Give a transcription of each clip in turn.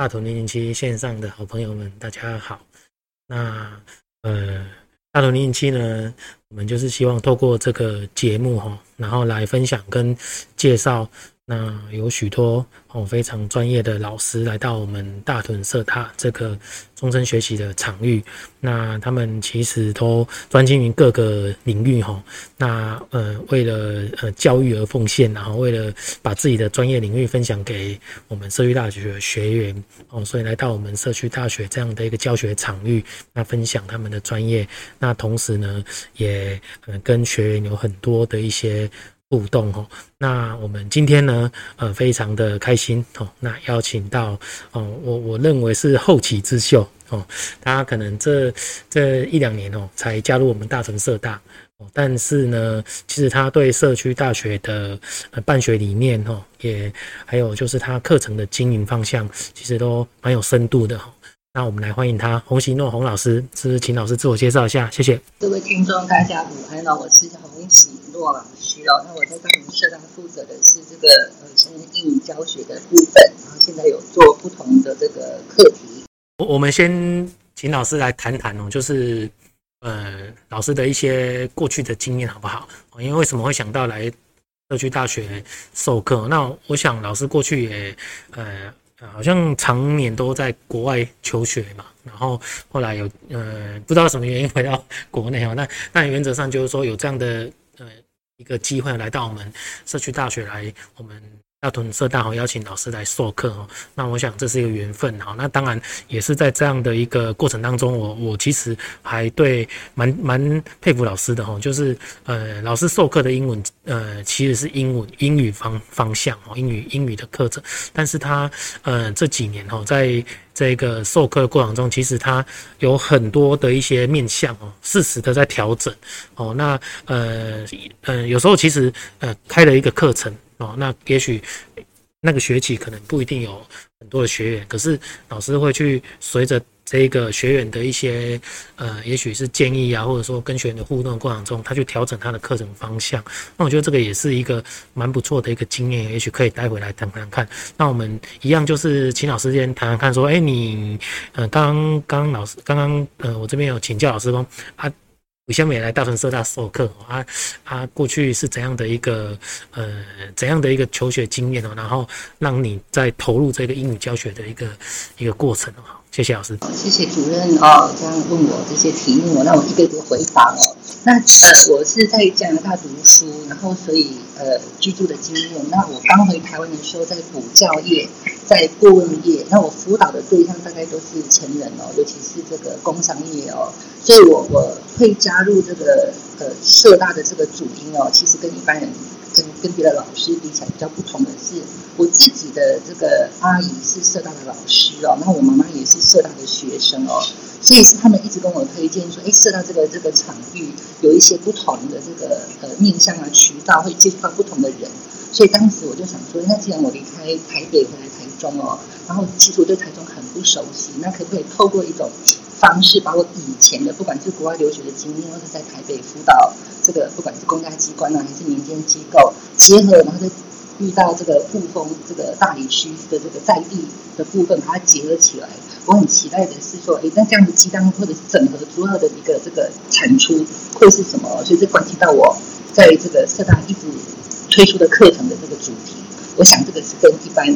大屯零零七線上的好朋友們，大家好。那呃，大屯零零七呢，我們就是希望透過這個節目哈，然後來分享跟介紹。那有許多哦，非常專業的老師來到我們大屯社大這個終身學習的場域。那他們其實都專精於各個領域哈。那呃，為了呃教育而奉獻，然後為了把自己的專業領域分享給我們社區大學的學員哦，所以來到我們社區大學這樣的一個教學場域，那分享他們的專業。那同時呢，也呃跟學員有很多的一些。互動哦，那我們今天呢，呃，非常的開心哦、喔。那邀請到哦、喔，我我認為是後起之秀哦，他、喔、可能這這一兩年哦、喔、才加入我們大屯社大、喔，但是呢，其實他對社區大學的、呃、辦學理念哦、喔，也還有就是他課程的經營方向，其實都蠻有深度的哈、喔。那我們來歡迎他，洪璽諾洪老師，是不是？請老師自我介紹一下，謝謝。各位聽眾大家好，我是洪璽諾老師，那我在高雄社大負責的是這個呃英語教學的部分，然後現在有做不同的這個課題。我我們先請老師來談談哦，就是呃老師的一些過去的經驗好不好？因為為什麼會想到來社區大學授課？那我想老師過去也呃。啊，好像長年都在國外求學嘛，然後後來有，呃，不知道什麼原因回到國內啊，那那原則上就是說有這樣的，呃，一個機會來到我們社區大學來我們，大屯社大好，邀請老師來授課哦。那我想這是一個緣分哈。那當然也是在這樣的一個過程當中，我我其實還對蠻蠻佩服老師的哈，就是呃老師授課的英文呃其實是英文英語方方向哦，英語英語的課程，但是他呃這幾年哈，在這個授課的過程中，其實他有很多的一些面向哦，適時的在調整哦。那呃嗯，呃，有時候其實呃開了一個課程。哦，那也許那個學期可能不一定有很多的學員，可是老師會去隨着這個學員的一些呃，也許是建議啊，或者說跟學員的互動的過程中，他去調整他的課程方向。那我覺得這個也是一個蠻不錯的一個經驗，也許可以帶回來談談看。那我們一樣就是請老師先談談看，說，哎、欸，你呃剛剛老師剛剛呃我這邊有請教老師哦，啊。以前也來大同社大授課啊，啊，過去是怎樣的一個呃怎樣的一個求學經驗哦，啊，然後讓你在投入這個英語教學的一個一個過程，啊謝謝老師，謝謝主任哦，這樣問我這些題目，那我一個一個回答哦。那呃，我是在加拿大讀書，然後所以呃居住的經驗，那我剛回台灣的時候，在補教業，在顧問業，那我輔導的對象大概都是成人哦，尤其是這個工商業哦，所以我我會加入這個呃社大的這個主因哦，其實跟一般人。跟跟別的老師比起來比較不同的是，我自己的這個阿姨是社大的老師哦，然後我媽媽也是社大的學生哦，所以是他們一直跟我推薦說，哎，社大這個這個場域有一些不同的這個呃面向啊渠道，會接觸到不同的人，所以當時我就想說，那既然我離開台北回來台中哦，然後其實我對台中很不熟悉，那可不可以透過一種方式把我以前的，不管是國外留學的經驗，或者在台北輔導。這個不管是公家機關啊，還是民間機構，結合，然後就遇到這個部分。這個大里區的這個在地的部分，把它結合起來。我很期待的是說，哎，那這樣的激盪或者是整合之後的一個這個產出會是什麼？所以這關係到我在這個社大一直推出的課程的這個主題。我想這個是跟一般，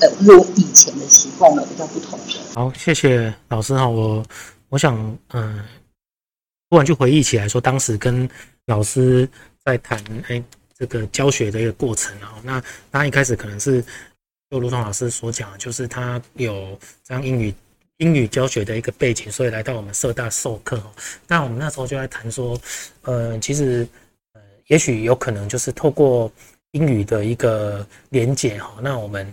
呃，我以前的習慣呢比較不同的。好，謝謝老師哈。我我想，嗯。突然就回憶起來，說當時跟老師在談，哎，這個教學的一個過程啊。那他一開始可能是就如同老師所講，就是他有這樣英語英語教學的一個背景，所以來到我們社大授課。那我們那時候就在談說，呃，其實，呃，也許有可能就是透過英語的一個連結哈，那我們。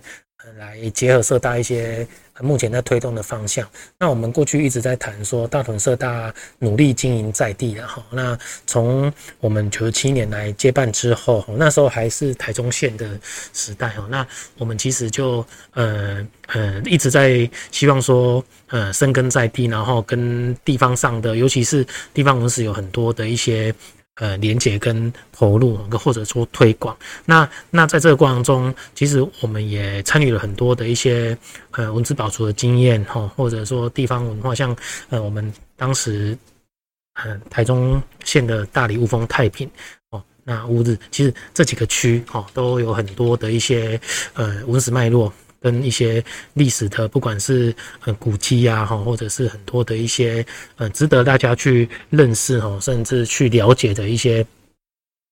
來結合社大一些目前在推動的方向。那我們過去一直在談說，大屯社大努力經營在地的，然那從我們九十七年來接辦之後，那時候還是台中縣的時代，哈，那我們其實就呃呃一直在希望說，呃生根在地，然後跟地方上的，尤其是地方文史有很多的一些。呃，連接跟投入，或者說推廣，那那在這個過程中，其實我們也參與了很多的一些呃文字保存的經驗，或者說地方文化，像呃我們當時呃台中縣的大里霧峰太平，哦，那烏日，其實這幾個區，哦，都有很多的一些呃文史脈絡。跟一些歷史的，不管是古蹟呀，或者是很多的一些值得大家去認識哈，甚至去了解的一些，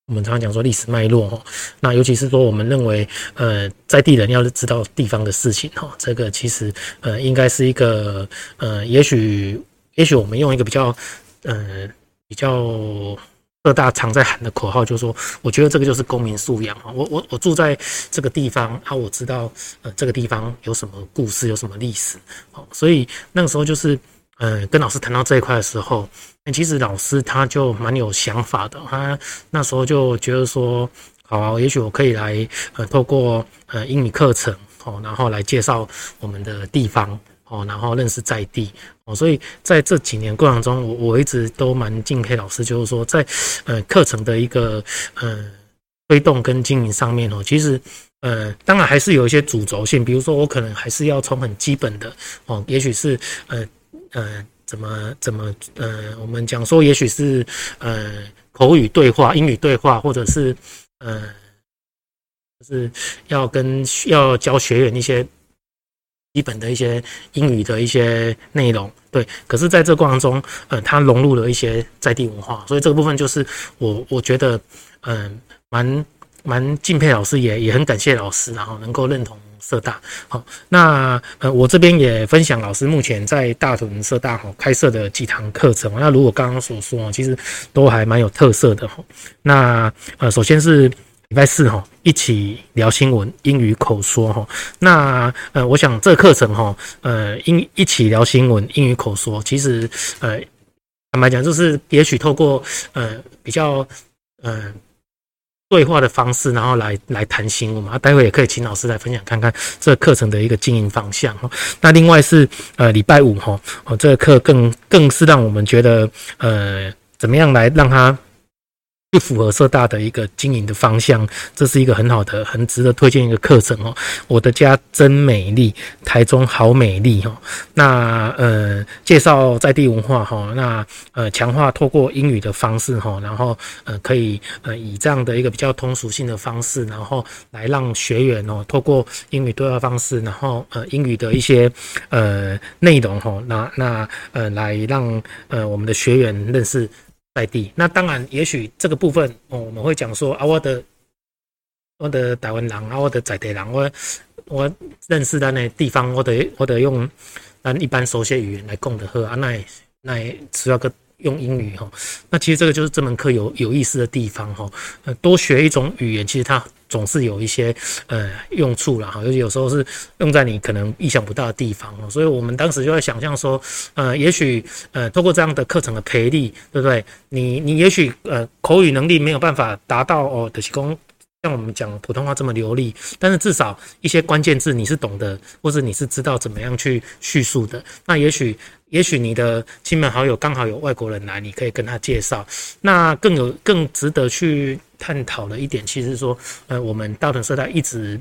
我們常常講說歷史脈絡哈。那尤其是說，我們認為呃在地人要知道地方的事情哈，這個其實呃應該是一個呃，也許也許我們用一個比較呃比較。各大常在喊的口號就是說，我覺得這個就是公民素養。我我我住在這個地方啊，我知道呃這個地方有什麼故事，有什麼歷史。所以那個時候就是，跟老師談到這一塊的時候，其實老師他就蠻有想法的啊。那時候就覺得說，好，也許我可以來呃，透過呃英語課程，然後來介紹我們的地方。哦，然後認識在地哦，所以在這幾年過程中，我我一直都蠻敬佩老師，就是說在，呃，課程的一個呃推動跟經營上面哦，其實呃，當然還是有一些主軸性，比如說我可能還是要從很基本的哦，也許是呃呃怎麼怎麼呃，我們講說也許是呃口語對話、英語對話，或者是呃就是要跟要教學員一些。基本的一些英語的一些內容，對。可是，在這過程中，呃，它融入了一些在地文化，所以這個部分就是我我覺得，嗯，蠻蠻敬佩老師，也也很感謝老師，然後能夠認同社大。好，那呃，我這邊也分享老師目前在大屯社大開設的幾堂課程。那如果剛剛所說，其實都還蠻有特色的。那呃，首先是。禮拜四哈，一起聊新聞英語口說哈。那呃，我想這課程哈，呃，英一起聊新聞英語口說，其實呃，坦白講就是也許透過呃比較呃對話的方式，然後來來談新聞啊。待會也可以請老師來分享看看這課程的一個經營方向。那另外是呃，禮拜五哈，這個課更更是讓我們覺得呃，怎麼樣來讓它。不符合社大的一個經營的方向，這是一個很好的、很值得推薦一個課程哦。我的家真美麗，台中好美麗哈。那呃，介紹在地文化哈。那呃，強化透過英語的方式哈，然後呃，可以呃以這樣的一個比較通俗性的方式，然後來讓學員哦，透過英語對話方式，然後呃英語的一些呃內容哈。那那呃，來讓呃我們的學員認識。在地，那當然，也許這個部分，哦，我們會講說，我的，我的台灣人，啊，我的在地人，我，我認識的那地方，我得，我得用，那一般手寫語言來供的喝，啊，那，那需要個用英語哈，那其實這個就是這門課有有意思的地方哈，多學一種語言，其實它。總是有一些呃用處了哈，尤其有時候是用在你可能意想不到的地方喔。所以我們當時就在想象說，呃，也許呃，通過這樣的課程的培力，對不對？你你也許呃，口語能力沒有辦法達到哦，的提供像我們講普通話這麼流利，但是至少一些關鍵字你是懂得，或者你是知道怎麼樣去敘述的。那也許也許你的親朋好友剛好有外國人來，你可以跟他介紹。那更有更值得去。探討了一點，其實說，呃，我們大屯社大一直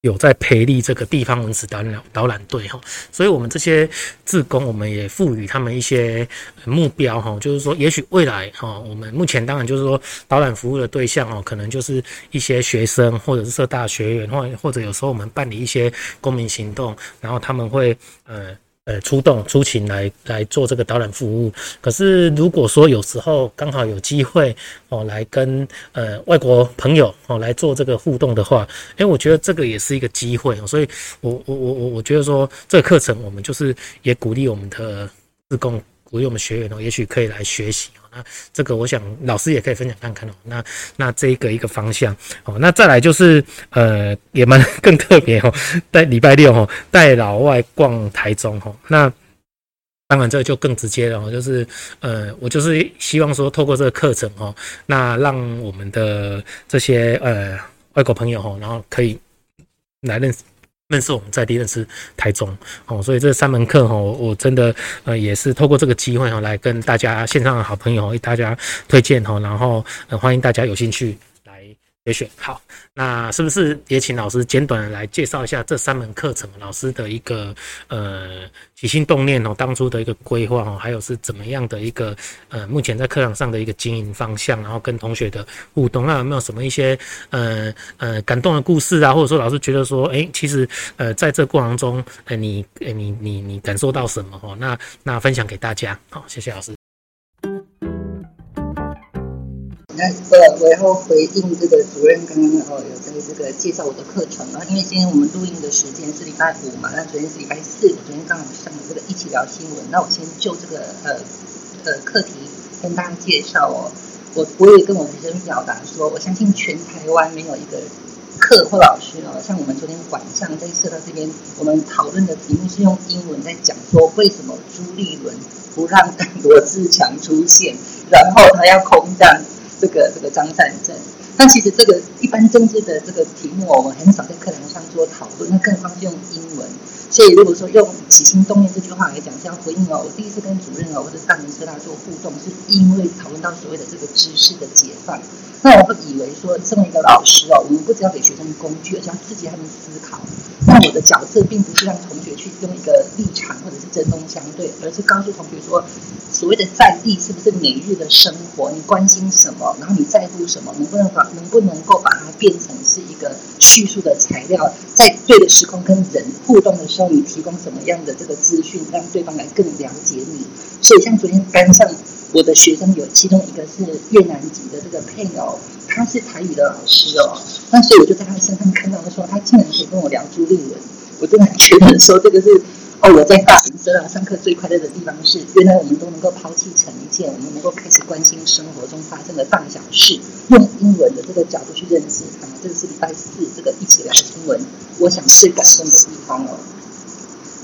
有在培力這個地方文史導覽導覽隊哈，所以我們這些志工，我們也賦予他們一些目標哈，就是說，也許未來哈，我們目前當然就是說，導覽服務的對象哦，可能就是一些學生或者是社大學員，或或者有時候我們辦理一些公民行動，然後他們會呃。呃，出動出勤，來來做這個導覽服務。可是如果說有時候剛好有機會哦，來跟呃外國朋友哦來做這個互動的話，誒，我覺得這個也是一個機會啊。所以，我我我我我覺得說，這個課程我們就是也鼓勵我們的志工。所以我們學員哦，也許可以來學習哦。那這個我想老師也可以分享看看哦。那那這一個一個方向哦。那再來就是呃，也蠻更特別哦，在禮拜六哦，帶老外逛台中哦。那當然這就更直接了，就是呃，我就是希望說透過這個課程哦，那讓我們的這些呃外國朋友哈，然後可以來認識，認識我們在地，認識台中哦，所以這三門課哈，我真的呃也是透過這個機會哈，來跟大家線上的好朋友，為大家推薦哈，然後呃歡迎大家有興趣。也許好，那是不是也請老師簡短的來介紹一下這三門課程？老師的一個呃起心動念哦，當初的一個規劃哦，還有是怎麼樣的一個呃目前在課堂上的一個經營方向，然後跟同學的互動，那有沒有什麼一些呃呃感動的故事啊，或者說老師覺得說哎其實呃在這過程中，哎你哎你你你感受到什麼哦？那那分享給大家，好，謝謝老師。那呃，我然後回應這個主任剛剛哦，有這個這個介紹我的課程啊。因為今天我們錄音的時間是禮拜五嘛，那昨天是禮拜四，我昨天剛好上了這個一起聊新聞。那我先就這個呃呃課題跟大家介紹哦。我我也跟我學生表達說，我相信全台灣沒有一個課或老師哦，像我們昨天晚上在社大這邊，我們討論的題目是用英文在講，說為什麼朱立倫不讓羅智強出現，然後他要空降，這個這個張善政。但其實這個一般政治的這個題目，我們很少在課堂上做討論，那更方便用英文。所以，如果說用起心動念這句話來講，這樣回應哦，我第一次跟主任哦，或者上人跟他做互動，是因為討論到所謂的這個知識的解放。那我會以為說，身為一個老師哦，我們不只要給學生工具，而且要刺激他們思考。那我的角色並不是讓同學去用一個立場或者是針鋒相對，而是告訴同學說，所謂的在地是不是每日的生活？你關心什麼？然後你在乎什麼？能不能把能不能夠把它變成是一個敘述的材料，在對的時空跟人互動的時候。你提供什麼樣的這個資訊，讓對方來更了解你？所以像昨天班上我的學生有，其中一個是越南籍的這個配偶，他是台語的老師哦。那所以我就在他身上看到說，他竟然可以跟我聊朱麗文，我真的覺得說這個是哦，我在大屯社大上課最快樂的地方是，原來我們都能夠拋棄成見，我們能夠開始關心生活中發生的大小事，用英文的這個角度去認識。啊，這個是禮拜四，這個一起來的新聞，我想最感動的地方哦。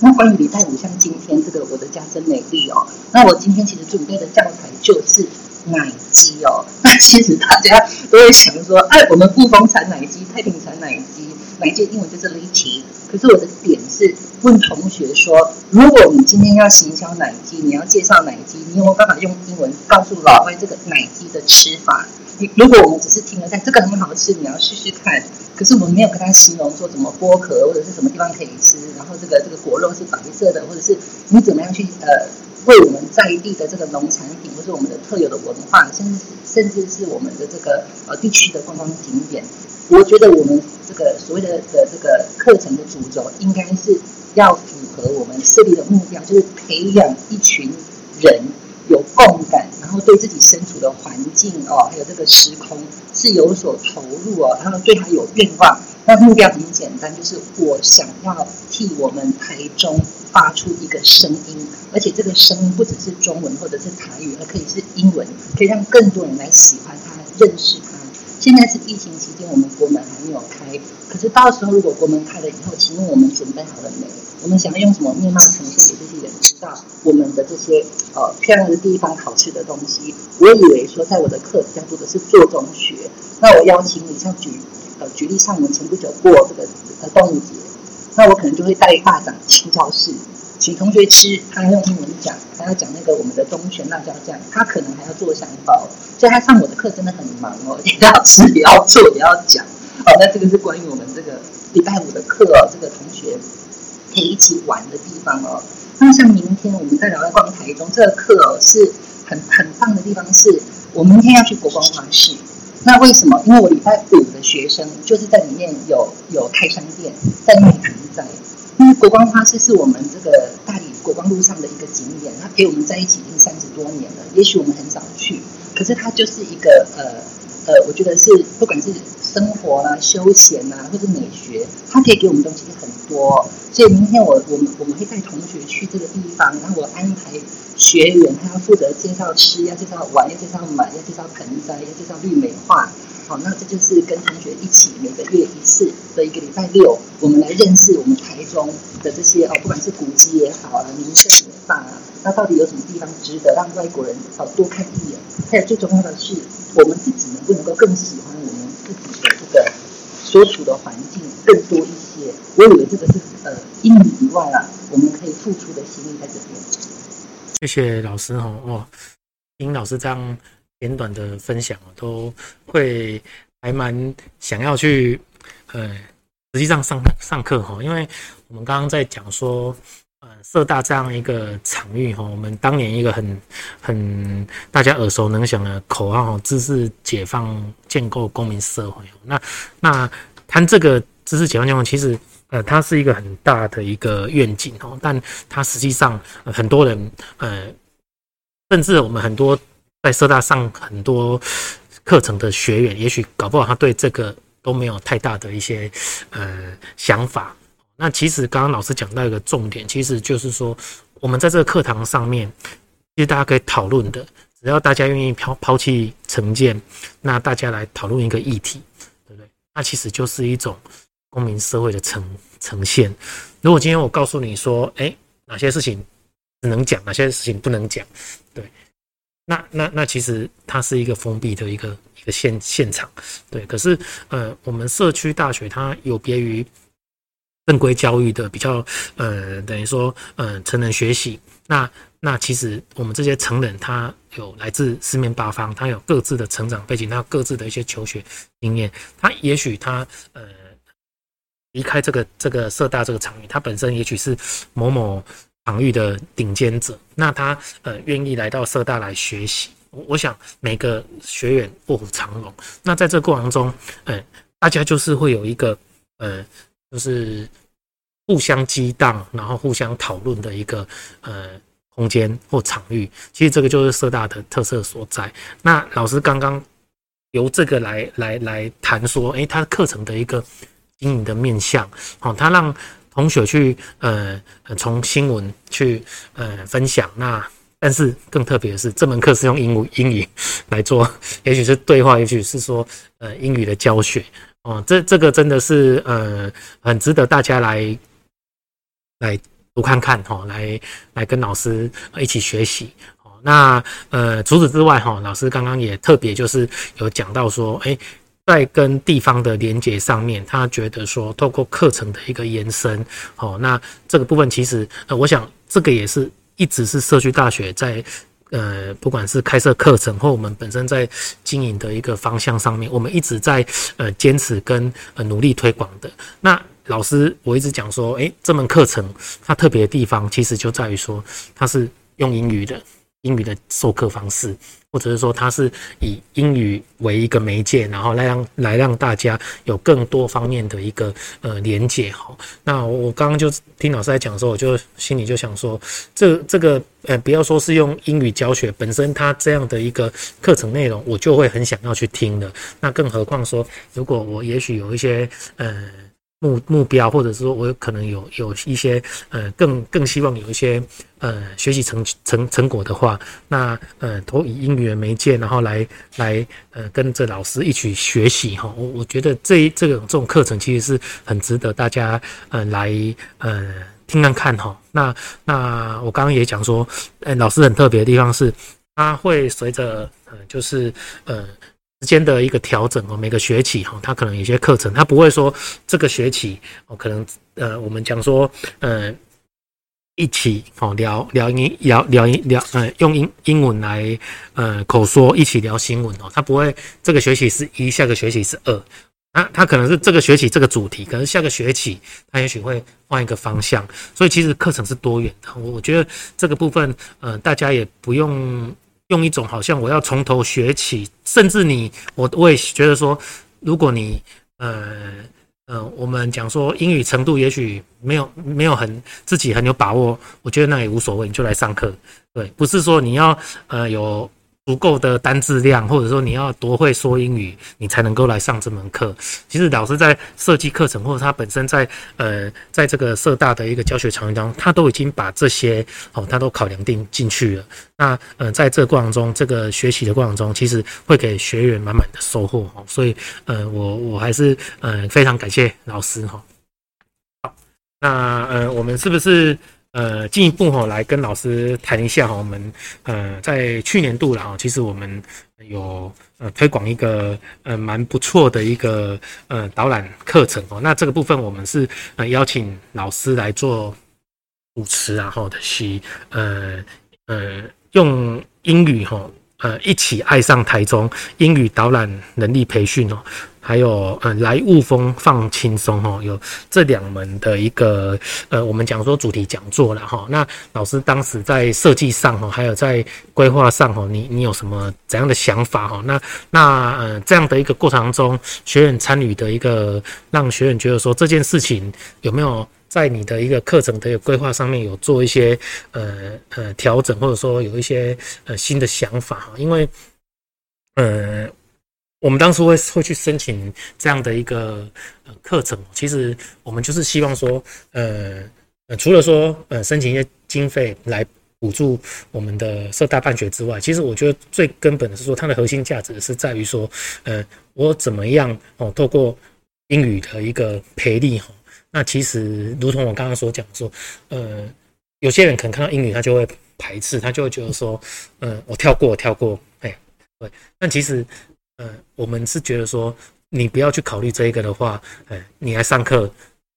那關於禮拜五，像今天這個我的家真美麗哦。那我今天其實準備的教材就是荔枝哦。那其實大家都會想說，哎，我們霧峰產荔枝，太平產荔枝，荔枝英文就是 lychee。可是我的點是問同學說，如果你今天要行銷荔枝，你要介紹荔枝，你有沒有辦法用英文告訴老外這個荔枝的吃法？如果我們只是停留在這個很好吃，你要試試看，可是我們沒有跟他形容說怎麼剝殼，或者是什麼地方可以吃，然後這個這個果肉是白色的，或者是你怎麼樣去呃，為我們在地的這個農產品，或者是我們的特有的文化，甚至甚至是我們的這個呃地區的觀光景點，我覺得我們這個所謂的的這個課程的主軸，應該是要符合我們設立的目標，就是培養一群人。有共感，然後對自己身處的環境哦，還有這個時空是有所投入哦，然後對他有願望。那目標很簡單，就是我想要替我們台中發出一個聲音，而且這個聲音不只是中文或者是台語，還可以是英文，可以讓更多人來喜歡他、認識他。現在是疫情期間，我們國門還沒有開，可是到時候如果國門開了以後，請問我們準備好了沒？我們想要用什麼面貌呈現給這些人？我們的這些呃漂亮的地方、好吃的東西，我以為說在我的課比較多的是做中學。那我邀請你，像舉、呃、舉例，上我們前不久過這個呃端午節，那我可能就會帶一大長去教室，請同學吃，他用英文講，他要講那個我們的中學辣椒醬，他可能還要做香包。所以他上我的課真的很忙哦，也要吃，也要做，也要講。哦，那這個是關於我們這個禮拜五的課哦，這個同學可以一起玩的地方哦。那像明天我們聊在聊灣逛台中，這個課、哦、是很很棒的地方是。是我明天要去國光花市，那為什麼？因為我禮拜五的學生就是在裡面有有開商店，在那裡可以因為國光花市是我們這個大理國光路上的一個景點，它陪我們在一起已經三十多年了。也許我們很少去，可是它就是一個呃呃，我覺得是不管是。生活啊，休閒啊，或者美學，它可以給我們東西很多。所以明天我、我們、我們會帶同學去這個地方，然後我安排學員，他要負責介紹吃、要介紹玩、要介紹買、要介紹、要介紹盆栽、要介紹綠美化。好，那這就是跟同學一起每個月一次的一個禮拜六，我們來認識我們台中的這些哦，不管是古蹟也好啊、名勝也罷，那到底有什麼地方值得讓外國人哦多看一眼？還有最重要的是，我們自己能不能夠更喜歡？自己的這個所處的環境更多一些，我以為這個是呃，一米以外了、啊，我們可以付出的心力在這邊。謝謝老師哈哦，聽老師這樣簡短的分享都會還蠻想要去呃，實際上上課上課哈，因為我們剛剛在講說。社大這樣一個場域哈，我們當年一個很很大家耳熟能詳的口號哈，知識解放，建構公民社會。那那談這個知識解放建構，其實呃，它是一個很大的一個願景哦，但它實際上，呃，很多人呃，甚至我們很多在社大上很多課程的學員，也許搞不好他對這個都沒有太大的一些呃想法。那其實剛剛老師講到一個重點，其實就是說，我們在這個課堂上面，其實大家可以討論的，只要大家願意拋拋棄成見，那大家來討論一個議題，對不對？那其實就是一種公民社會的呈呈現。如果今天我告訴你說，欸，哪些事情只能講，哪些事情不能講，對，那那那其實它是一個封閉的一個一個現現場，對。可是，呃，我們社區大學它有別於。正規教育的比較，呃，等於說，呃，成人學習，那那其實我們這些成人，他有來自四面八方，他有各自的成長背景，他有各自的一些求學經驗，他也許他呃離開這個這個社大這個場域，他本身也許是某某場域的頂尖者，那他呃願意來到社大來學習，我想每個學員臥虎藏龍，那在這過程中，嗯、呃，大家就是會有一個呃，就是。互相激盪，然後互相討論的一個呃空間或場域，其實這個就是社大的特色所在。那老師剛剛由這個來來來談說，誒，他課程的一個經營的面向，哦，他讓同學去呃從新聞去呃分享。那但是更特別的是，這門課是用英文英語來做，也許是對話，也許是說呃英語的教學。哦，這這個真的是呃很值得大家來。來讀看看哈，來來跟老師一起學習。那呃，除此之外哈，老師剛剛也特別就是有講到說，誒，欸，在跟地方的連結上面，他覺得說，透過課程的一個延伸，哦，那這個部分其實，呃，我想這個也是一直是社區大學在。呃，不管是開設課程或我們本身在經營的一個方向上面，我們一直在呃堅持跟、呃、努力推廣的。那老師，我一直講說，誒、欸，這門課程它特別的地方，其實就在於說它是用英語的。英語的授課方式，或者是說它是以英語為一個媒介，然後來讓來讓大家有更多方面的一個呃連接。好，那我我剛剛就聽老師在講的時候，我就心裡就想說，這這個呃，不要說是用英語教學本身，它這樣的一個課程內容，我就會很想要去聽的。那更何況說，如果我也許有一些呃。目目標，或者說我有可能有有一些，呃，更更希望有一些，呃，學習成成成果的話，那呃，投以英語的媒介，然後來來，呃，跟着老師一起學習哈。我我覺得這這種這種課程其實是很值得大家，呃，來呃聽看看哈。那那我剛剛也講說，呃、欸，老師很特別的地方是，他會隨着、呃，就是，呃。時間的一個調整哦，每個學期哈，它可能有些課程，它不會說這個學期哦，可能呃，我們講說呃，一起哦聊聊英聊聊聊呃用英英文來呃口說一起聊新聞哦，它不會這個學期是一，下個學期是二，那它可能是這個學期這個主題，可能下個學期它也許會換一個方向，所以其實課程是多元的，我我覺得這個部分呃，大家也不用。用一種好像我要從頭學起，甚至你我我也覺得說，如果你呃呃，我們講說英語程度也許沒有沒有很自己很有把握，我覺得那也無所謂，你就來上課，對，不是說你要呃有。足夠的單字量，或者說你要多會說英語，你才能夠來上這門課。其實老師在設計課程，或者他本身在，呃，在這個社大的一個教學場景當中，他都已經把這些哦，他都考量定進去了。那呃，在這過程中，這個學習的過程中，其實會給學員滿滿的收穫、哦、所以呃，我我還是呃非常感謝老師哈、哦。好，那呃，我們是不是？呃，進一步哈、喔、來跟老師談一下哈、喔，我們呃在去年度了哈，其實我們有呃推廣一個呃蠻不錯的一個呃導覽課程哦、喔，那這個部分我們是呃邀請老師來做主持、啊，然後的系呃呃用英語哈、喔。呃，一起愛上台中英語導覽能力培訓哦，還有呃，來霧峰放輕鬆哦，有這兩門的一個呃，我們講說主題講座了哈。那老師當時在設計上哈，還有在規劃上哈，你你有什麼怎樣的想法哈？那那呃這樣的一個過程中，學員參與的一個，讓學員覺得說這件事情有沒有？在你的一個課程的規劃上面，有做一些呃呃調整，或者說有一些呃新的想法，因為呃我們當初會會去申請這樣的一個呃課程，其實我們就是希望說呃，呃除了說呃申請一些經費來補助我們的社大辦學之外，其實我覺得最根本的是說它的核心價值是在於說呃我怎麼樣哦，透過英語的一個培力哈。那其實，如同我剛剛所講說，呃，有些人可能看到英語，他就會排斥，他就會覺得說，呃，我跳過，我跳過，哎，對。但其實，呃，我們是覺得說，你不要去考慮這一個的話，呃，你來上課，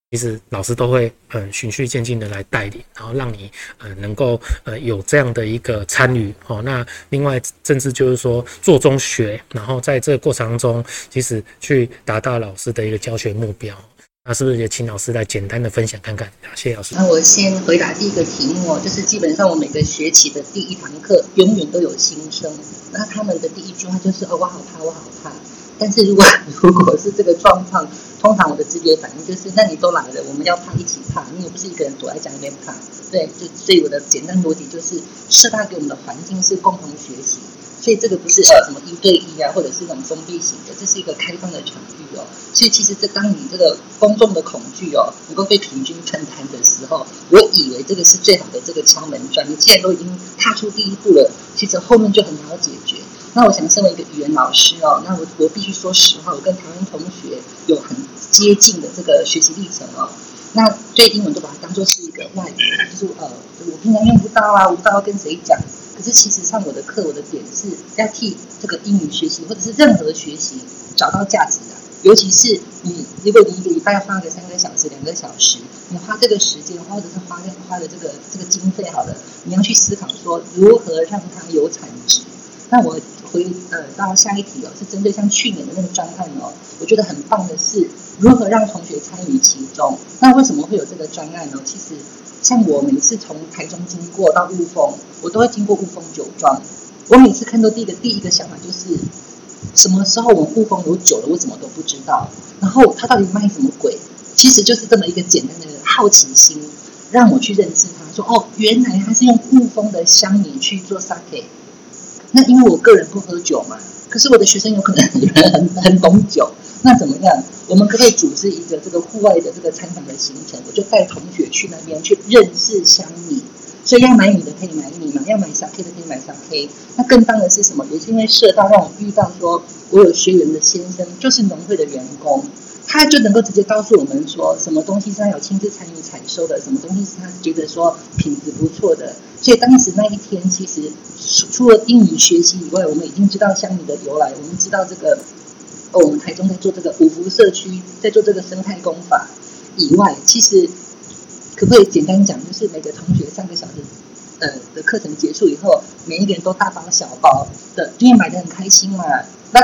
其實老師都會，嗯、呃，循序漸進的來帶領，然後讓你，呃，能夠，呃，有這樣的一個參與，哦。那另外，甚至就是說，做中學，然後在這個過程中，其實去達到老師的一個教學目標。那是不是也請老師來簡單的分享看看？啊、謝謝老師。那我先回答第一個題目哦、喔，就是基本上我每個學期的第一堂課永遠都有新生，那他們的第一句話就是“哦，我好怕，我好怕。”但是如果如果是這個狀況， 通常我的直覺反應就是：“那你都來了，我們要怕一起怕，你也不是一個人躲在家裡面怕。”對，就所以我的簡單邏輯就是：是他給我們的環境是共同學習。所以這個不是呃什麼一對一啊，或者是那種封閉型的，這是一個開放的場域哦。所以其實這當你這個公眾的恐懼哦，能夠被平均分攤的時候，我以為這個是最好的這個敲門磚。你既然都已經踏出第一步了，其實後面就很好解決。那我想身為一個語言老師哦，那我我必須說實話，我跟台灣同學有很接近的這個學習歷程哦。那對英文都把它當作是一個外語，就是呃，就是呃我平常用不到啊，我不知道，啊，跟誰講。這其實上我的課，我的點是要替這個英語學習，或者是任何學習找到價值的。尤其是你，如果你一個禮拜花個三個小時、兩個小時，你花這個時間，或者是花，花這個花的這個這個經費好了，你要去思考說如何讓它有產值。那我回呃到下一題哦，是針對像去年的那個專案哦，我覺得很棒的是如何讓同學參與其中。那為什麼會有這個專案呢？其實。像我每次從台中經過到霧峰，我都會經過霧峰酒莊。我每次看到第一個第一個想法就是，什麼時候我霧峰有酒了，我怎麼都不知道。然後他到底賣什麼鬼？其實就是這麼一個簡單的好奇心，讓我去認識他。說哦，原來他是用霧峰的香米去做 sake。那因為我個人不喝酒嘛，可是我的學生有可能很很懂酒。那怎麼樣？我們可不可以組織一個這個戶外的這個參團的行程，我就帶同學去那邊去認識香米。所以要買米的可以買米嘛，要買小 k 的可以買小 k。那更棒的是什麼？也是因為社到讓我們遇到說，我有學員的先生就是農會的員工，他就能夠直接告訴我們說，什麼東西是他有親自參與採收的，什麼東西是他覺得說品質不錯的。所以當時那一天，其實除了英語學習以外，我們已經知道香米的由來，我們知道這個。哦，我們台中在做這個五福社區，在做這個生態工法以外，其實可不可以簡單講，就是每個同學上個小時，呃的課程結束以後，每一點都大包小包的，因為買得很開心嘛。那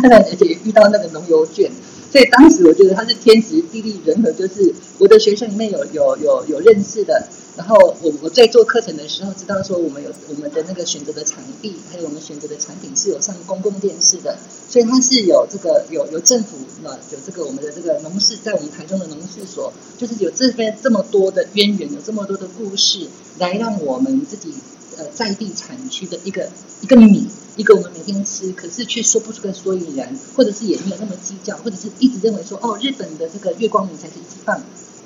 那而且遇到那個農遊券，所以當時我覺得他是天時地利人和，就是我的學生裡面有有有有認識的。然後我我在做課程的時候，知道說我們有我們的那個選擇的場地，還有我們選擇的產品是有上公共電視的，所以它是有這個有有政府呢，有這個我們的這個農試，在我們台中的農試所，就是有這邊這麼多的淵源，有這麼多的故事，來讓我們自己呃在地產區的一個一個米，一個我們每天吃，可是卻說不出個所以然，或者是也沒有那麼計較，或者是一直認為說，哦，日本的這個月光米才是一級棒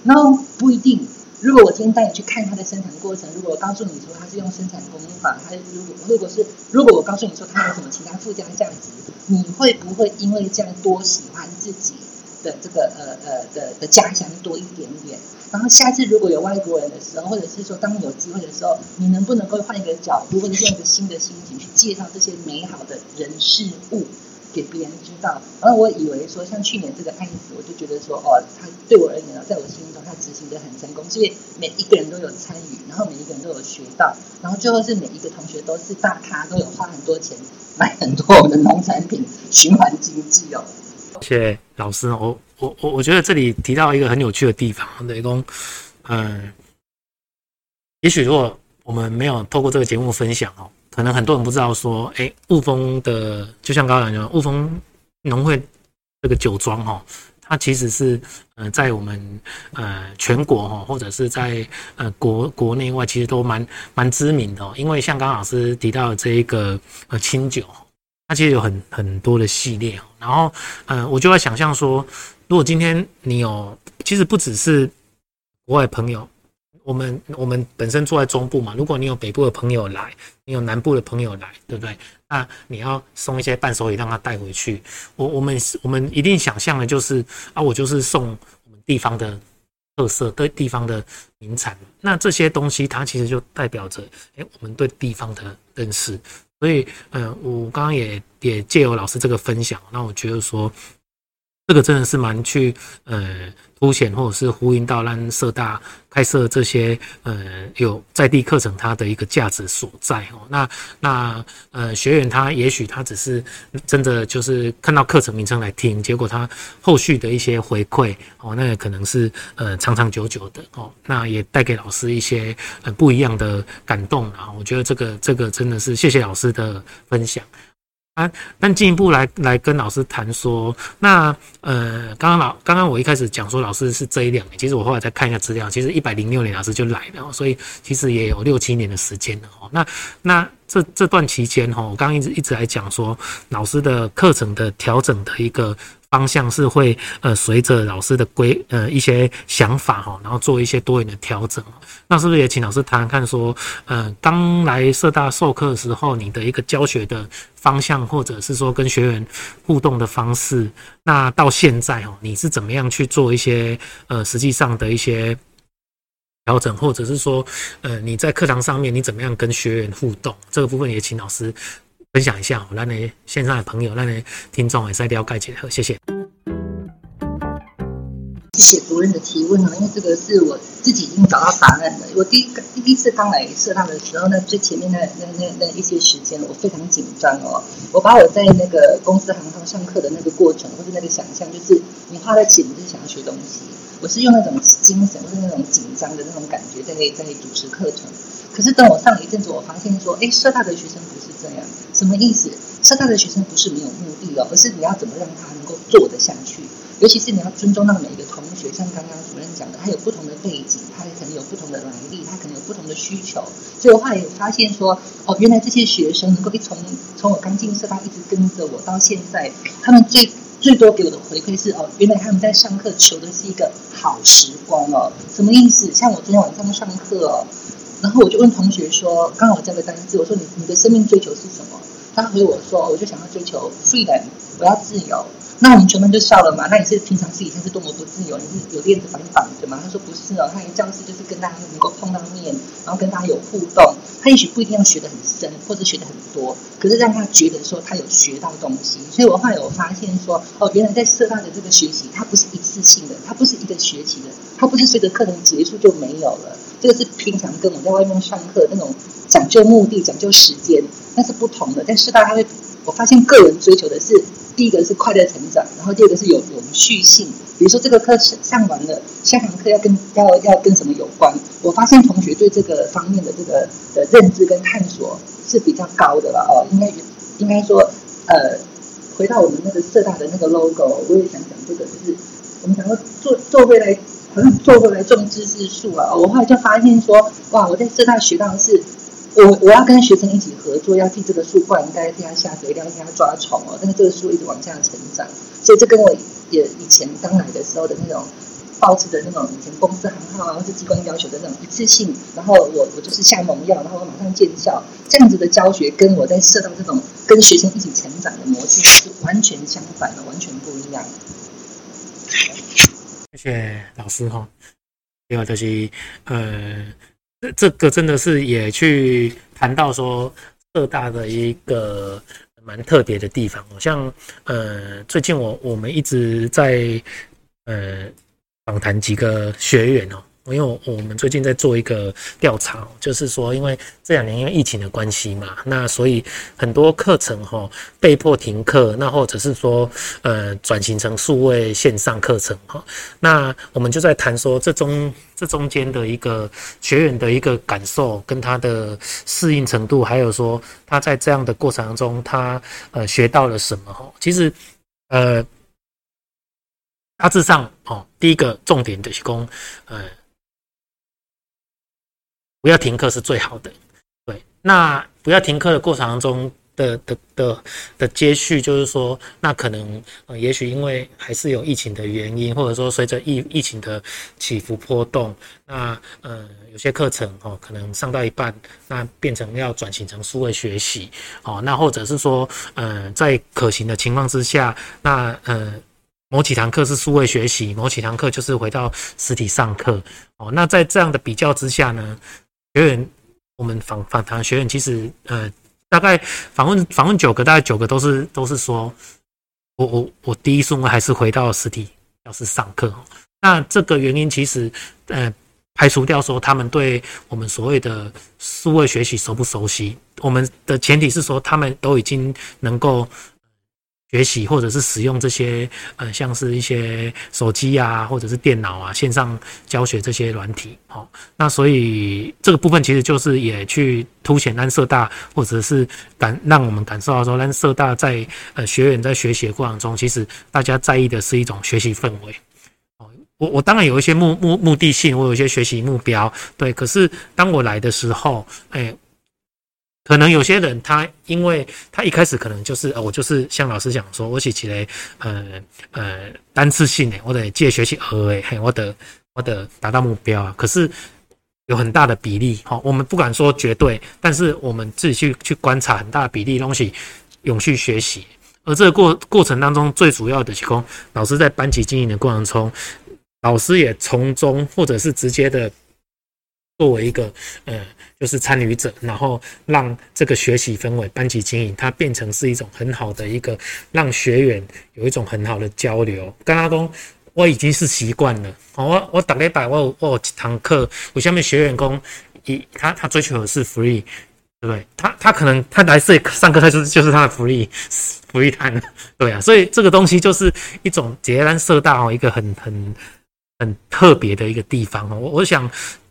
，no，不一定。如果我今天帶你去看它的生產過程，如果我告訴你說它是用生產工法，它如果如果是如果我告訴你說它有什麼其他附加價值，你會不會因為這樣多喜歡自己的這個呃呃的的家鄉多一點點？然後下次如果有外國人的時候，或者是說當你有機會的時候，你能不能夠換一個角度，或者是用一個新的心情去介紹這些美好的人事物？給別人知道，然後我以為說，像去年這個案子，我就覺得說，哦，他對我而言呢，在我心中，他執行的很成功，所以每一個人都有參與，然後每一個人都有學到，然後最後是每一個同學都是大咖，都有花很多錢買很多我們的農產品，循環經濟哦。謝謝老師，我我我我覺得這裡提到一個很有趣的地方，雷東。嗯、呃，也許如果我們沒有透過這個節目分享哦。可能很多人不知道，說，哎、欸，霧峰的，就像剛剛講的，霧峰農會這個酒莊，哈，它其實是，嗯、呃，在我們，呃，全國，哈，或者是在，呃，國國內外，其實都蠻蠻知名的。因為像剛老師提到的這一個，呃，清酒，它其實有很很多的系列，然後，嗯、呃，我就會想象說，如果今天你有，其實不只是國外朋友。我們我們本身住在中部嘛，如果你有北部的朋友來，你有南部的朋友來，對不對？那你要送一些伴手禮讓他帶回去。我我們我們一定想象的就是啊，我就是送我們地方的特色，對地方的名產。那這些東西它其實就代表着，誒，我們對地方的認識。所以，嗯、呃，我剛剛也也借由老師這個分享，那我覺得說。這個真的是蠻去，呃，凸顯或者是呼應到讓社大開設這些，呃，有在地課程，它的一個價值所在哦。那那呃，學員他也許他只是真的就是看到課程名稱來聽，結果他後續的一些回饋哦，那也可能是呃長長久久的哦。那也帶給老師一些很不一樣的感動啊。我覺得這個這個真的是謝謝老師的分享。但進一步來來跟老師談說，那呃，剛剛老剛剛我一開始講說老師是這一兩年，其實我後來再看一下資料，其實一百零六年老師就來了，所以其實也有六七年的時間了哦。那那這這段期間哦，我剛一直一直來講說老師的課程的調整的一個。方向是會呃隨着老師的規呃一些想法哈，然後做一些多元的調整。那是不是也請老師談談看說，呃剛來社大授課的時候，你的一個教學的方向，或者是說跟學員互動的方式，那到現在哦，你是怎麼樣去做一些呃實際上的一些調整，或者是說呃你在課堂上面你怎麼樣跟學員互動？這個部分也請老師。分享一下，我讓你線上的朋友、讓你聽眾還再了解結合，謝謝。謝謝主任的提問哦，因為這個是我自己已經找到答案了。我第一第一次剛來設浪的時候，那最前面的那那那那一些時間，我非常緊張哦。我把我在那個公司行空上課的那個過程，或者那個想象，就是你花了錢，不是想要學東西，我是用那種精神，或者那種緊張的那種感覺在，在在主持課程。可是當我上了一陣子，我發現說：“哎，社大的學生不是這樣，什麼意思？社大的學生不是沒有目的哦，而是你要怎麼讓他能夠做得下去？尤其是你要尊重到每一個同學，像剛剛主任講的，他有不同的背景，他可能有不同的來歷，他可能有不同的需求。所以我後來有發現說：哦，原來這些學生能夠一從從我剛進社大一直跟着我到現在，他們最最多給我的回饋是：哦，原來他們在上課求的是一個好時光哦，什麼意思？像我昨天晚上上課。”然後我就問同學說，剛好我講個單字，我說你你的生命追求是什麼？他回我說，我就想要追求 freedom，我要自由。那我們全班就笑了嘛。那你是平常自己又是多麼不自由？你是有鏈子綁綁的嘛？他說不是哦，他一教室就是跟大家能夠碰到面，然後跟大家有互動。他也許不一定要學得很深，或者學得很多，可是讓他覺得說他有學到東西。所以我後來我發現說，哦，原來在社大的這個學習，它不是一次性的，它不是一個學期的，它不是隨着課程結束就沒有了。這個是平常跟我們在外面上課那種講究目的、講究時間，那是不同的。在社大，他會，我發現個人追求的是。第一個是快樂成長，然後第二個是有有序性。比如說這個課上上完了，下堂課要跟要要跟什麼有關？我發現同學對這個方面的這個的認知跟探索是比較高的了哦。應該應該說，呃，回到我們那個社大的那個 logo，我也想講這個就是，我們想要做做回來，好像做回來種知識樹啊。我後來就發現說，哇，我在社大學到的是。我我要跟學生一起合作，要替這個樹冠，應該替它下藥，一定要替它抓蟲哦、喔。但是這個樹一直往下成長，所以這跟我也以前剛來的時候的那種報紙的那種以前公司行號啊，或是機關要求的那種一次性，然後我我就是下猛藥，然後我馬上見效，這樣子的教學跟我在設到這種跟學生一起成長的模式是完全相反的，完全不一樣。謝、okay. 謝老師哈。另外就是呃。這這個真的是也去談到說，特大的一個蠻特別的地方，哦，像呃，最近我我們一直在呃訪談幾個學員哦。因為我們最近在做一個調查，就是說，因為這兩年因為疫情的關係嘛，那所以很多課程喔，被迫停課，那或者是說，呃，轉型成數位線上課程喔，那我們就在談說這中這中間的一個學員的一個感受，跟他的適應程度，還有說他在這樣的過程當中，他呃學到了什麼喔？其實，呃，大致上喔，第一個重點就是說，呃。不要停課是最好的，對。那不要停課的過程中的的的的接續，就是說，那可能，呃，也許因為還是有疫情的原因，或者說隨着疫疫情的起伏波動，那呃，有些課程哦，可能上到一半，那變成要轉型成數位學習哦，那或者是說，呃，在可行的情況之下，那呃，某幾堂課是數位學習，某幾堂課就是回到實體上課哦。那在這樣的比較之下呢？學員，我們訪訪談學員，其實呃，大概訪問訪問九個，大概九個都是都是說，我我我第一順位還是回到實體教室上課。那這個原因其實呃，排除掉說他們對我們所謂的數位學習熟不熟悉，我們的前提是說他們都已經能夠。學習或者是使用這些呃，像是一些手機啊，或者是電腦啊，線上教學這些軟體，好、哦，那所以這個部分其實就是也去凸顯蘭社大，或者是感讓我們感受到說，蘭社大在呃學員在學習的過程中，其實大家在意的是一種學習氛圍。哦，我我當然有一些目目目的性，我有一些學習目標，對，可是當我來的時候，哎、欸。可能有些人他，因為他一開始可能就是，我就是像老師講說，我寫起來，呃呃，單次性的我得借學習額哎，嘿，我得我得達到目標啊。可是有很大的比例，好，我們不敢說絕對，但是我們自己去去觀察，很大的比例東西永續學習。而這個過過程當中最主要的，是老師在班級經營的過程中，老師也從中或者是直接的。作為一個呃，就是參與者，然後讓這個學習氛圍、班級經營，它變成是一種很好的一個，讓學員有一種很好的交流。剛剛都我已經是習慣了。我我打了一百，我我堂課，我下面學員工。一他他追求的是福利，對不對？他他可能他來這上課，他就是就是他的福利福利攤，對啊。所以這個東西就是一種截然社大，一個很很很特別的一個地方。我我想。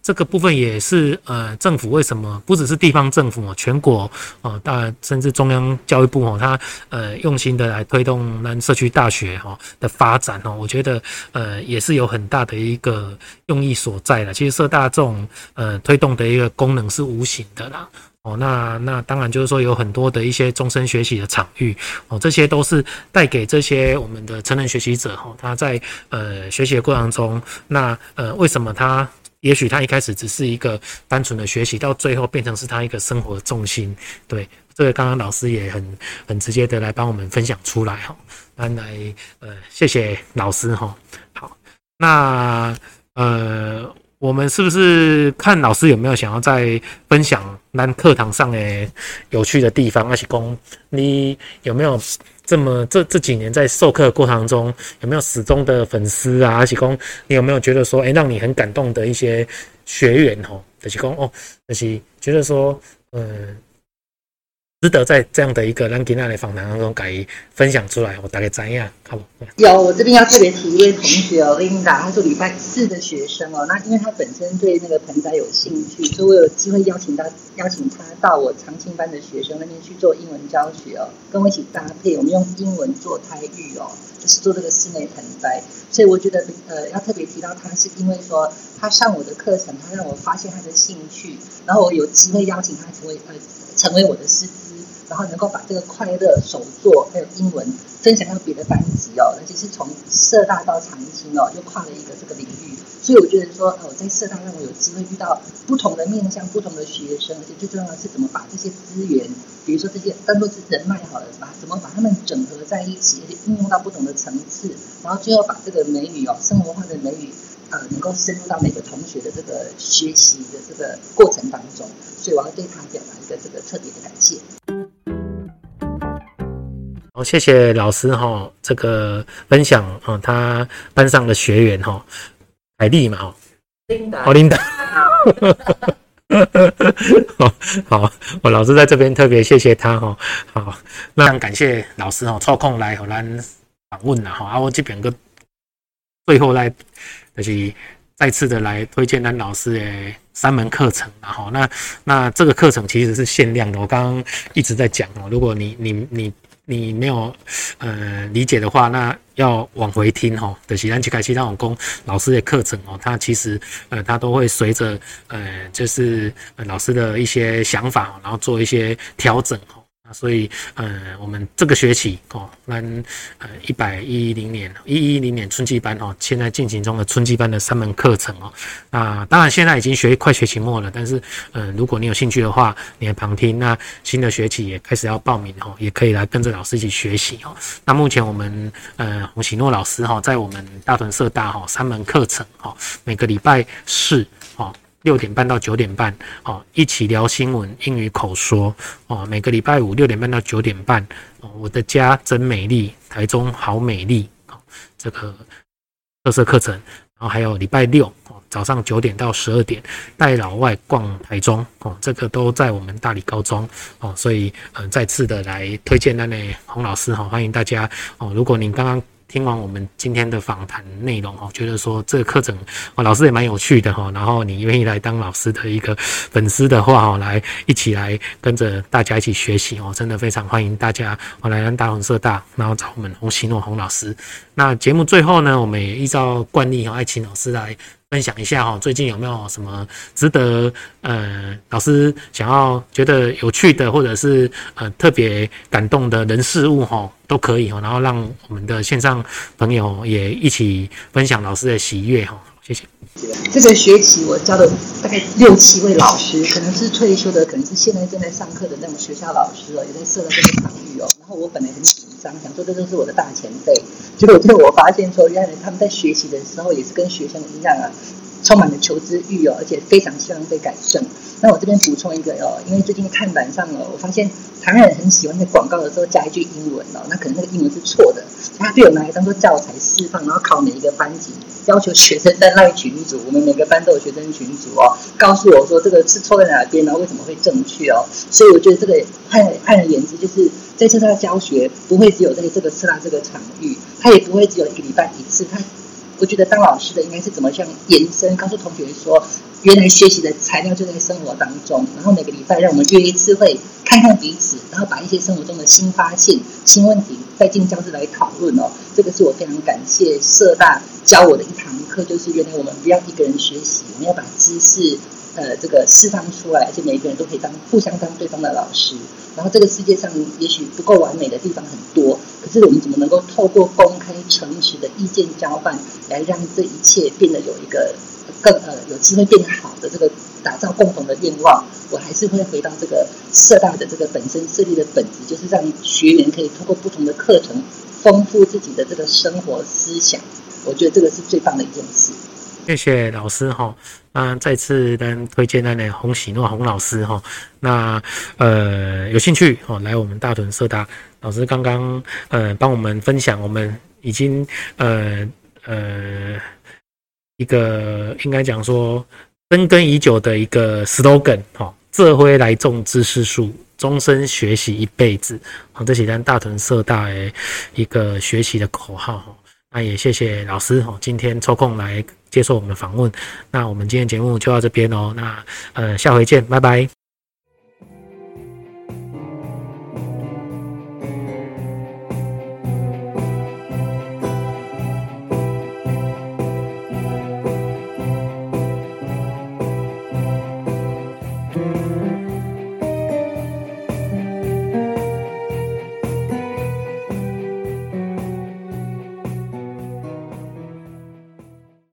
這個部分也是呃，政府為什麼不只是地方政府哦，全國哦，大、呃、甚至中央教育部哦，他呃用心的來推動南社區大學哈的發展哦，我覺得呃也是有很大的一個用意所在了。其實社大這種呃推動的一個功能是無形的啦哦，那那當然就是說有很多的一些終身學習的場域哦，這些都是帶給這些我們的成人學習者哦，他在呃學習的過程中，那呃為什麼他？也許他一開始只是一個單純的學習，到最後變成是他一個生活重心。對，這個剛剛老師也很很直接的來幫我們分享出來哈。那來，呃，謝謝老師哈。好，那呃，我們是不是看老師有沒有想要再分享那課堂上的有趣的地方？阿且公，你有沒有？這麼這這幾年在授課過程中，有沒有始終的粉絲啊？而且公，你有沒有覺得說，哎，讓你很感動的一些學員吼，阿啟公哦，那些覺得說，嗯。值得在這樣的一個讓吉娜的訪談當中，改分享出來。我大概講一下，好不？有，我這邊要特別提一位同學哦，Linda，他是禮拜四的學生哦。那因為他本身對那個盆栽有興趣，所以我有機會邀請他，邀請他到我長青班的學生那邊去做英文教學哦，跟我一起搭配，我們用英文做胎育哦，就是做這個室內盆栽。所以我覺得呃，要特別提到他，是因為說他上我的課程，他讓我發現他的興趣，然後我有機會邀請他成為呃成為我的師。然後能夠把這個快樂手作還有英文分享到別的班級哦，而且是從社大到長青哦，又跨了一個這個領域。所以我覺得說，哦，在社大讓我有機會遇到不同的面向、不同的學生，而且最重要的是怎麼把這些資源，比如說這些更多是人脈好了是吧？怎麼把它們整合在一起，應用到不同的層次，然後最後把這個美語哦，生活化的美語，呃，能夠深入到每個同學的這個學習的這個過程當中。所以我要對他表達一個這個特別的感謝。好，謝謝老師哈，這個分享啊，他班上的學員哈，凱莉嘛哈，琳達，哦， 琳達，好好，我老師在這邊特別謝謝他哈。好，那非常感謝老師哈、哦，抽空來來訪問了哈。啊，我這邊個最後來就是再次的來推薦呢，老師的三門課程了哈。那那這個課程其實是限量的，我剛剛一直在講哦，如果你你你。你你沒有，呃，理解的話，那要往回聽哈。的喜歡去開洪璽諾老師的課程哦，他其實，呃，他都會隨着，呃，就是、呃、老師的一些想法，然後做一些調整。所以，呃，我們這個學期哦，我們呃，一百一零年，一一零年春季班哦，現在進行中的春季班的三門課程哦。那、呃、當然現在已經學快學期末了，但是，嗯、呃，如果你有興趣的話，你也旁聽。那新的學期也開始要報名哦，也可以來跟着老師一起學習哦。那目前我們，呃，洪璽諾老師哈、哦，在我們大屯社大哈、哦、三門課程哦，每個禮拜四哦。六點半到九點半，哦，一起聊新聞、英語口說，哦，每個禮拜五六點半到九點半，哦，我的家真美麗，台中好美麗，哦，這個特色課程，然後還有禮拜六，哦，早上九點到十二點帶老外逛台中，哦，這個都在我們大理高中，哦，所以嗯，再次的來推薦那位洪老師，哈，歡迎大家，哦，如果您剛剛。聽完我們今天的訪談的內容哦，覺得說這個課程哦，老師也蠻有趣的哈、哦。然後你願意來當老師的一個粉絲的話哦，來一起來跟着大家一起學習哦，真的非常歡迎大家、哦、來來大屯社大，然後找我們洪璽諾洪老師。那節目最後呢，我們也依照慣例哦，愛情老師來。分享一下哈，最近有沒有什麼值得呃，老師想要覺得有趣的，或者是呃，特別感動的人事物哈，都可以哈，然後讓我們的線上朋友也一起分享老師的喜悅哈。謝謝。這個學期我教的大概六七位老師，可能是退休的，可能是現在正在上課的那種學校老師哦，也在設了這個場域哦。然後我本來很緊張，想說這就是我的大前輩，結果最後我發現說，原來他們在學習的時候也是跟學生一樣啊。充滿了求知欲哦，而且非常希望被改正。那我這邊補充一個哦，因為最近看板上哦，我發現台灣人很喜歡在廣告的時候加一句英文哦，那可能那個英文是錯的，他對我們來當做教材示範，然後考每一個班級，要求學生在那一群組，我們每個班都有學生群組哦，告訴我說這個是錯在哪邊呢？然後為什麼會正確哦？所以我覺得這個換換而言之，就是在這段教學不會只有在、這個、這個次拉這個場域，他也不會只有一個禮拜一次，他。我覺得當老師的應該是怎麼樣延伸，告訴同學說，原來學習的材料就在生活當中。然後每個禮拜讓我們約一次會，看看彼此，然後把一些生活中的新發現、新問題，帶進教室來討論哦。這個是我非常感謝社大教我的一堂課，就是原來我們不要一個人學習，我們要把知識，呃，這個釋放出來，而且每個人都可以當互相當對方的老師。然後，這個世界上也許不夠完美的地方很多，可是我們怎麼能夠透過公開、誠實的意見交換，來讓這一切變得有一個更呃有機會變好的這個打造共同的願望？我還是會回到這個社大的這個本身設立的本質，就是讓學員可以通過不同的課程豐富自己的這個生活思想。我覺得這個是最棒的一件事。謝謝老師哈，那再次跟推薦那呢洪璽諾洪老師哈，那呃有興趣哦，來我們大屯社大，老師剛剛呃幫我們分享，我們已經呃呃一個應該講說深耕已久的一個 slogan 哈，智慧來種知識樹，終身學習一輩子，好，這幾單大屯社大一個學習的口號，那也謝謝老師哈，今天抽空來。接受我們的訪問，那我們今天節目就到這邊哦。那，呃，下回見，拜拜。